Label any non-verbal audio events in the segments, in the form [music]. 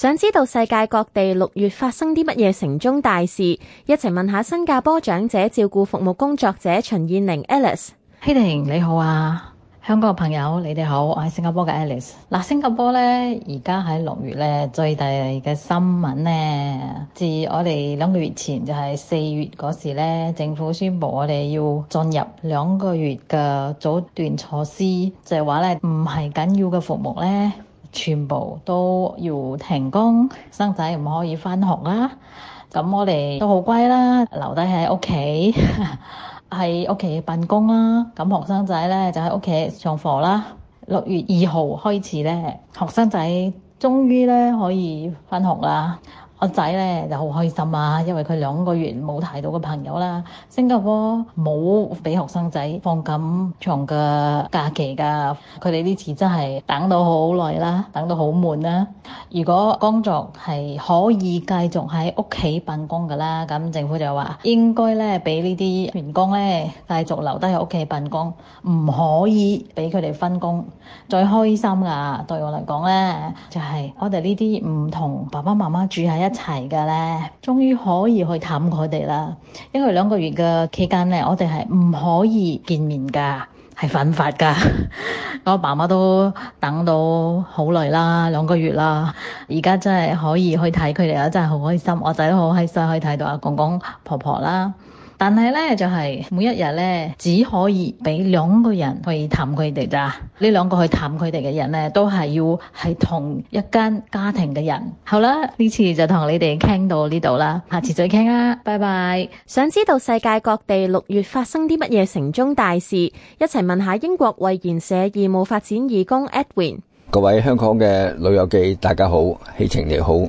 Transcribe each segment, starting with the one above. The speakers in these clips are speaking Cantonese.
想知道世界各地六月發生啲乜嘢城中大事？一齊問下新加坡長者照顧服務工作者秦燕玲 Alice。希婷、hey, 你好啊，香港嘅朋友你哋好，我係新加坡嘅 Alice。嗱、啊、新加坡咧而家喺六月咧最大嘅新聞咧，自我哋兩個月前就係四月嗰時咧，政府宣布我哋要進入兩個月嘅阻斷措施，就係話咧唔係緊要嘅服務咧。全部都要停工，生仔唔可以返學啦。咁我哋都好乖啦，留低喺屋企，喺屋企辦公啦。咁學生仔呢就喺屋企上課啦。六月二號開始呢，學生仔終於呢可以返學啦。個仔咧就好開心啊，因為佢兩個月冇睇到個朋友啦。新加坡冇俾學生仔放咁長嘅假期㗎，佢哋呢次真係等到好耐啦，等到好悶啦。如果工作係可以繼續喺屋企辦公㗎啦，咁政府就話應該咧俾呢啲員工咧繼續留低喺屋企辦公，唔可以俾佢哋分工。最開心㗎，對我嚟講咧，就係我哋呢啲唔同爸爸媽媽住喺一一齊嘅咧，終於可以去探佢哋啦！因為兩個月嘅期間咧，我哋係唔可以見面噶，係犯法噶。 [laughs] 我爸媽都等到好耐啦，兩個月啦，而家真係可以去睇佢哋啦，真係好開心！我仔都好開心，可以睇到阿公公婆婆啦。但係咧，就係、是、每一日咧，只可以俾兩個人去探佢哋咋？呢兩個去探佢哋嘅人咧，都係要係同一間家，家庭嘅人。好啦，呢次就同你哋傾到呢度啦，下次再傾啦，拜拜。想知道世界各地六月發生啲乜嘢城中大事？一齊問一下英國衛研社義務發展義工 Edwin。各位香港嘅老友記，大家好，氣晴你好。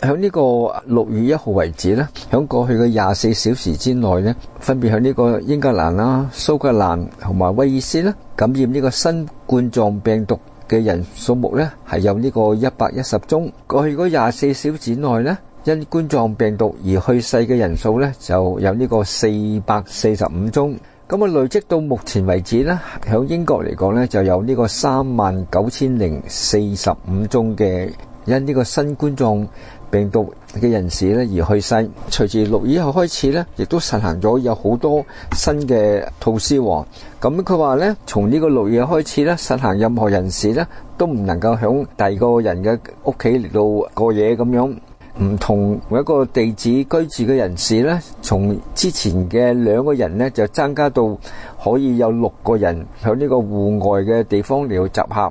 喺呢個六月一號為止咧，喺過去嘅廿四小時之內咧，分別喺呢個英格蘭啦、蘇格蘭同埋威爾斯咧，感染呢個新冠狀病毒嘅人數目咧，係有呢個一百一十宗。過去嗰廿四小時之內咧，因冠狀病毒而去世嘅人數咧，就有呢個四百四十五宗。咁啊，累積到目前為止咧，喺英國嚟講咧，就有呢個三萬九千零四十五宗嘅因呢個新冠狀病毒嘅人士咧而去世，隨住六月開始咧，亦都實行咗有好多新嘅措施喎。咁佢話咧，從呢個六月開始咧，實行任何人士咧都唔能夠響第二個人嘅屋企度過夜。咁樣，唔同一個地址居住嘅人士咧，從之前嘅兩個人咧就增加到可以有六個人響呢個戶外嘅地方嚟到集合。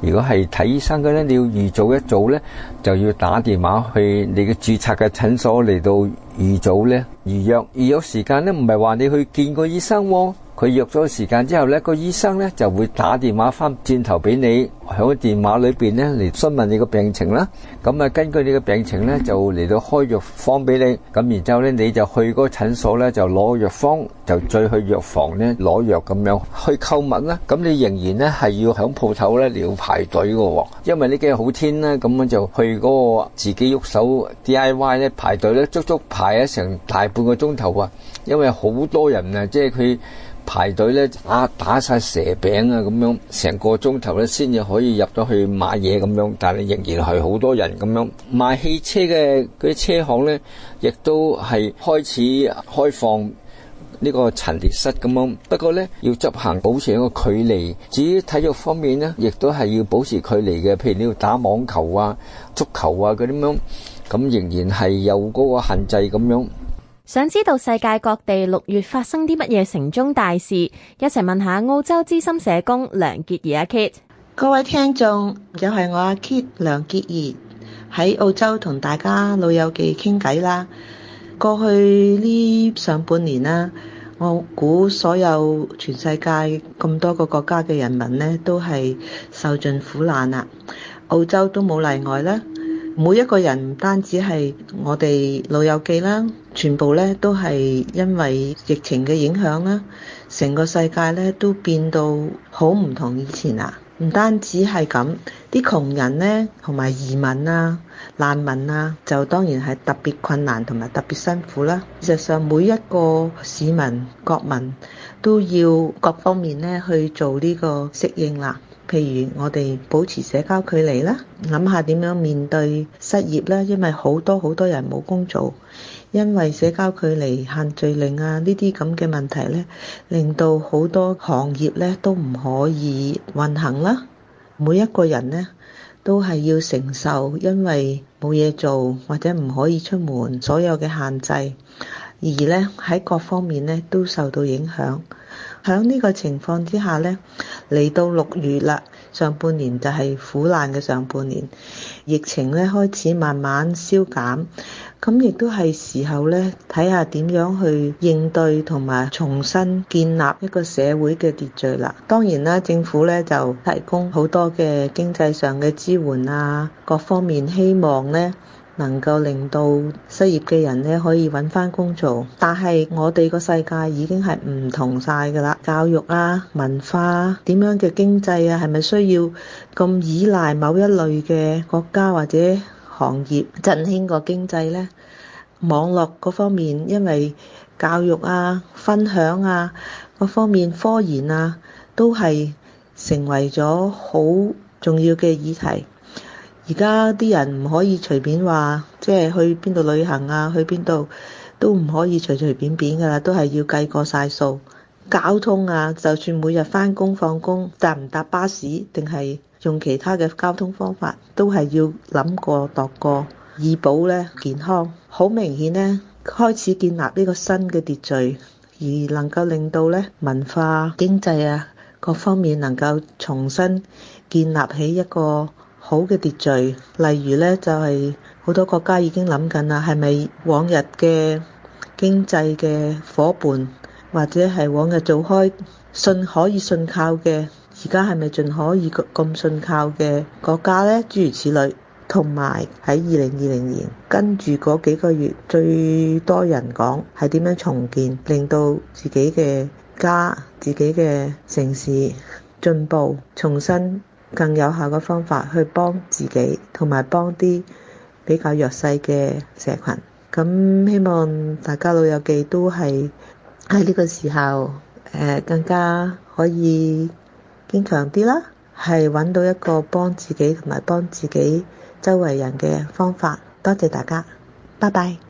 如果係睇醫生嘅呢，你要預早一早呢，就要打電話去你嘅註冊嘅診所嚟到預早呢預約預約時間呢，唔係話你去見個醫生喎，佢預約咗時間之後呢，個醫生呢就會打電話返轉頭俾你。響個電話裏邊咧嚟詢問你個病情啦，咁啊根據你個病情咧就嚟到開藥方俾你，咁然之後咧你就去個診所咧就攞藥方，就再去藥房咧攞藥咁樣去購物啦。咁你仍然咧係要響鋪頭咧要排隊嘅。哦，因為呢幾日好天啦，咁樣就去個自己喐手 D I Y 咧排隊咧足足排咗成大半個鐘頭啊，因為好多人啊，即係佢排隊咧打打晒蛇餅啊咁樣，成個鐘頭咧先至可。可以入咗去買嘢咁樣，但係仍然係好多人咁樣，賣汽車嘅嗰啲車行呢，亦都係開始開放呢個陳列室咁樣。不過呢，要執行保持一個距離。至於體育方面呢，亦都係要保持距離嘅，譬如你要打網球啊、足球啊嗰啲咁樣，咁仍然係有嗰個限制咁樣。想知道世界各地六月發生啲乜嘢城中大事？一齊問下澳洲資深社工梁潔儀阿 Kate。各位聽眾，又係我阿 Kit 梁潔儀喺澳洲同大家老友記傾偈啦。過去呢上半年啦，我估所有全世界咁多個國家嘅人民呢，都係受盡苦難啊！澳洲都冇例外啦。每一個人唔單止係我哋老友記啦，全部咧都係因為疫情嘅影響啦，成個世界咧都變到好唔同以前啊！唔單止係噉，啲窮人呢，同埋移民呀、難民呀，就當然係特別困難同埋特別辛苦啦。事實上，每一個市民、國民都要各方面呢去做呢個適應啦。譬如我哋保持社交距離啦，諗下點樣面對失業啦，因為好多好多人冇工做，因為社交距離、限聚令啊呢啲咁嘅問題咧，令到好多行業咧都唔可以運行啦。每一個人呢都係要承受因為冇嘢做或者唔可以出門所有嘅限制，而咧喺各方面咧都受到影響。喺呢個情況之下呢，嚟到六月啦，上半年就係苦難嘅上半年，疫情咧開始慢慢消減，咁亦都係時候咧睇下點樣去應對同埋重新建立一個社會嘅秩序啦。當然啦，政府咧就提供好多嘅經濟上嘅支援啊，各方面希望呢。能夠令到失業嘅人呢，可以揾翻工做，但係我哋個世界已經係唔同晒㗎啦。教育啊、文化啊、點樣嘅經濟啊，係咪需要咁依賴某一類嘅國家或者行業振興個經濟呢？網絡嗰方面，因為教育啊、分享啊各方面、科研啊，都係成為咗好重要嘅議題。而家啲人唔可以隨便話，即係去邊度旅行啊，去邊度都唔可以隨隨便便噶啦，都係要計過晒數。交通啊，就算每日返工放工搭唔搭巴士，定係用其他嘅交通方法，都係要諗過度過，以保咧健康。好明顯咧，開始建立呢個新嘅秩序，而能夠令到咧文化、經濟啊各方面能夠重新建立起一個。好嘅秩序，例如呢，就係、是、好多國家已經諗緊啦，係咪往日嘅經濟嘅夥伴，或者係往日做開信可以信靠嘅，而家係咪盡可以咁信靠嘅國家呢？諸如此類，同埋喺二零二零年跟住嗰幾個月最多人講係點樣重建，令到自己嘅家、自己嘅城市進步、重新。更有效嘅方法去幫自己，同埋幫啲比較弱勢嘅社群。咁希望大家老友記都係喺呢個時候，誒、呃、更加可以堅強啲啦，係揾到一個幫自己同埋幫自己周圍人嘅方法。多謝大家，拜拜。